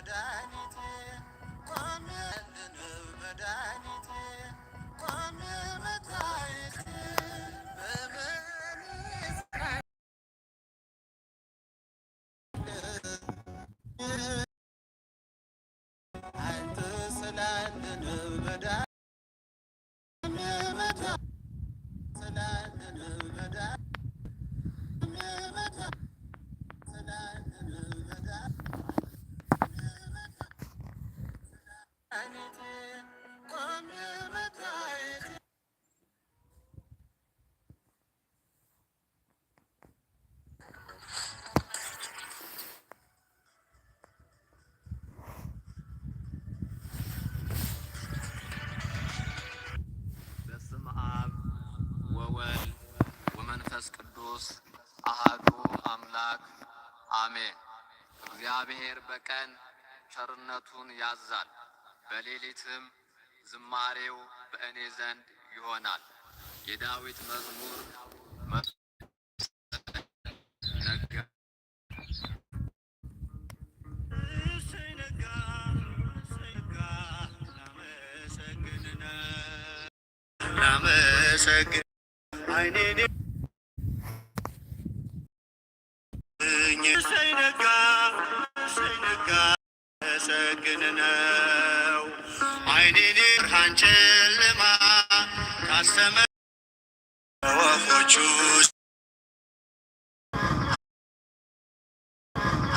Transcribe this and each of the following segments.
መድኃኒቴ ቆሜ መድኃኒቴ ቆሜ መድኃኒቴ በመድኃኒቴ ቅዱስ አህዱ አምላክ አሜን። እግዚአብሔር በቀን ቸርነቱን ያዛል፣ በሌሊትም ዝማሬው በእኔ ዘንድ ይሆናል። የዳዊት መዝሙር ላመሰግን ወፎቹ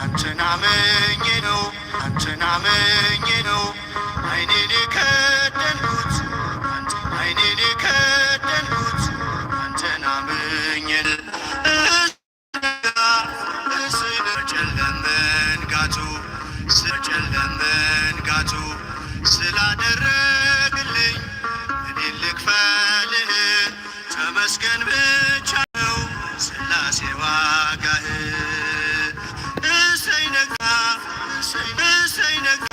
አንተን አምኜ ነው አንተን አምኜ ነው አይኔን የከደንኩት አይኔን የከደንኩት አንተን አምኜ ስለጨለም መንጋቱ ስላደረግልኝ እኔ ልክፈልህ ተመስገን ብቻ ነው ስላሴ ዋጋህ እሰይ ነጋ እሰይ ነጋ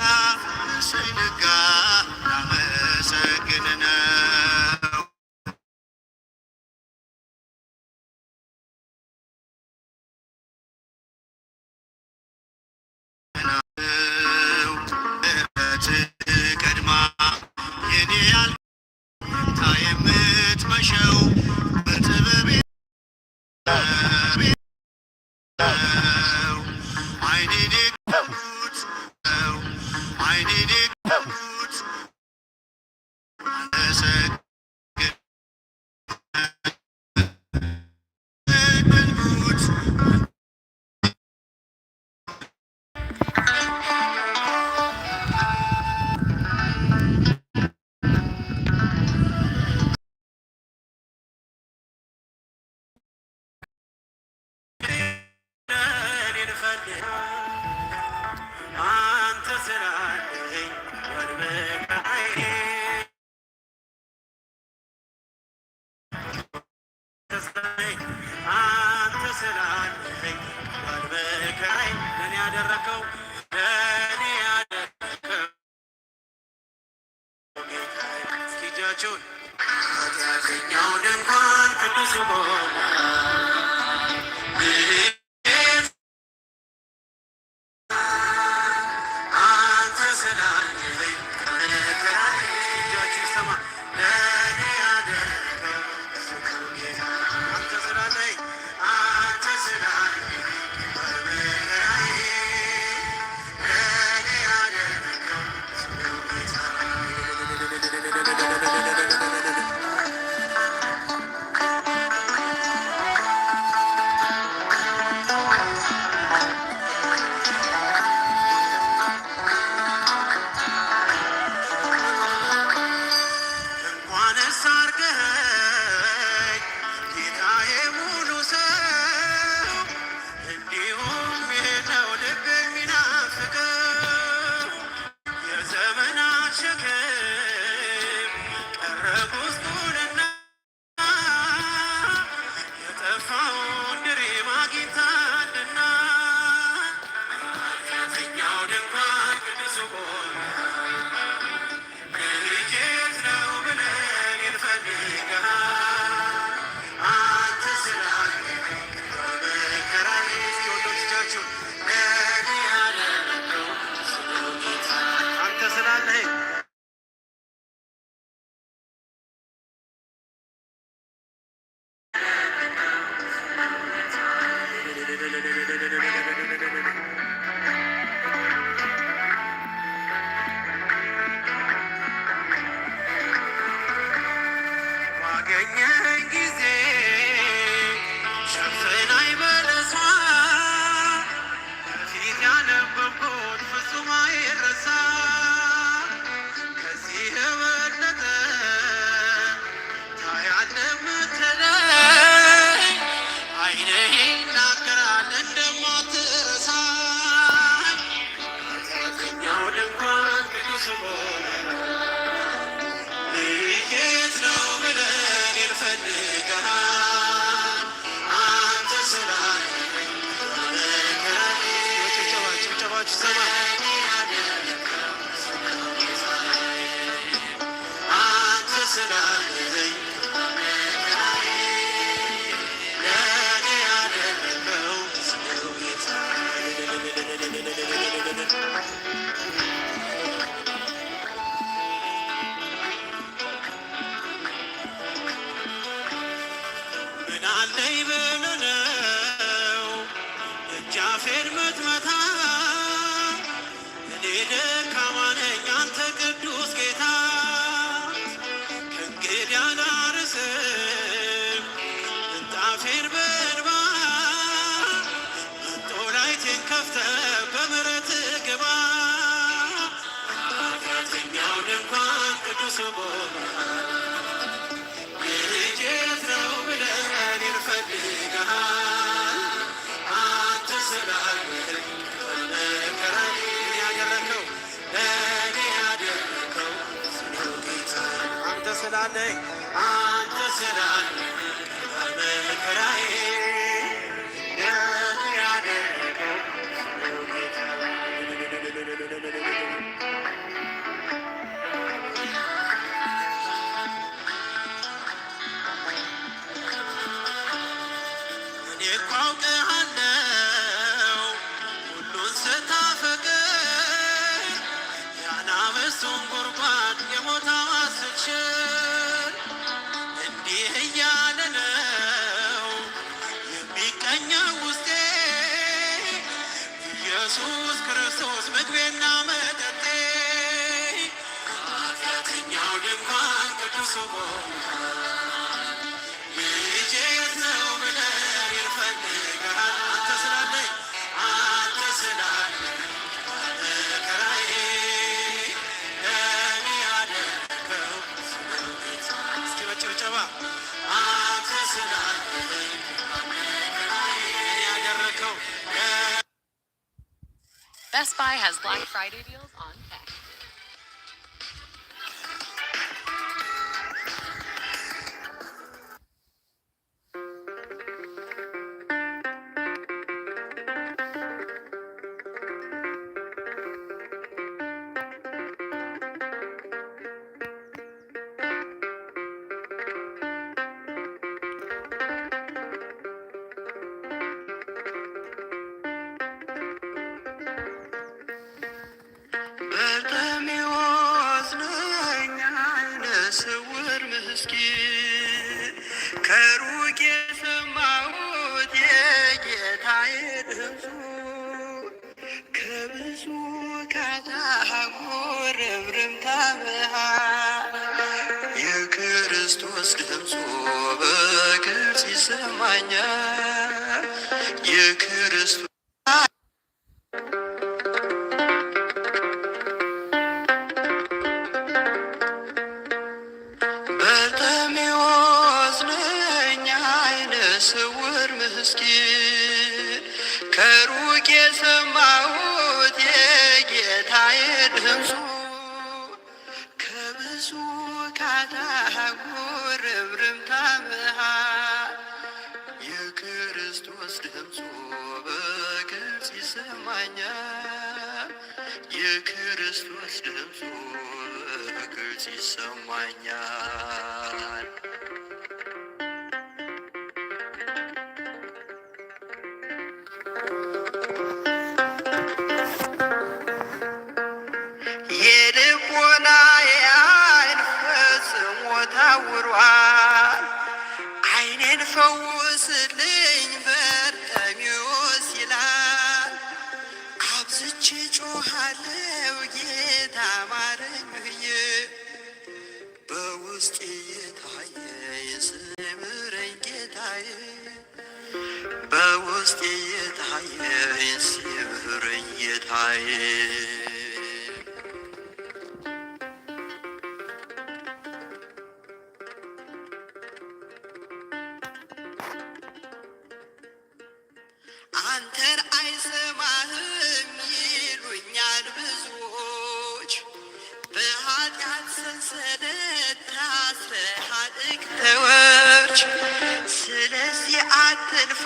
እሰይ ነጋ I need it. አስረሳኝ አንተ ስላለኝ ባልመከራኝ ለእኔ ያደረከው አንተ ስላለኝ አንተ ስላለኝ ኢየሱስ ክርስቶስ ምግቤና መጠጤ ኃጢአተኛው ድንኳን ቅዱስ Shopify has Black Friday deals. እስኪ ከሩቅ የሰማሁት የጌታዬ ድምፁ ከብዙ ካታጎር ርብርብታ በሃል የክርስቶስ ድምፁ በግልጽ ይሰማኛል የክርስቶስ ምስኪን ከሩቅ የሰማሁት የጌታዬ ድምፁ ከብዙ ካታጉር ርብርብታ መሃል የክርስቶስ ድምፁ በግልጽ ይሰማኛል። የክርስቶስ ድምፁ በግልጽ ይሰማኛል። ፈውስልኝ በርጤሜዎስ ይላል። አብዝቼ ጮኻለሁ ጌታ ማረኝ ብዬ ጌታዬ ጌታዬ ሀጥቅ ስለዚህ አትልፋ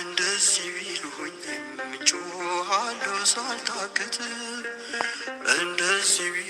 እንደዚህ ቢሉኝ የምጮኋለሁ ሳልታክት እንደዚህ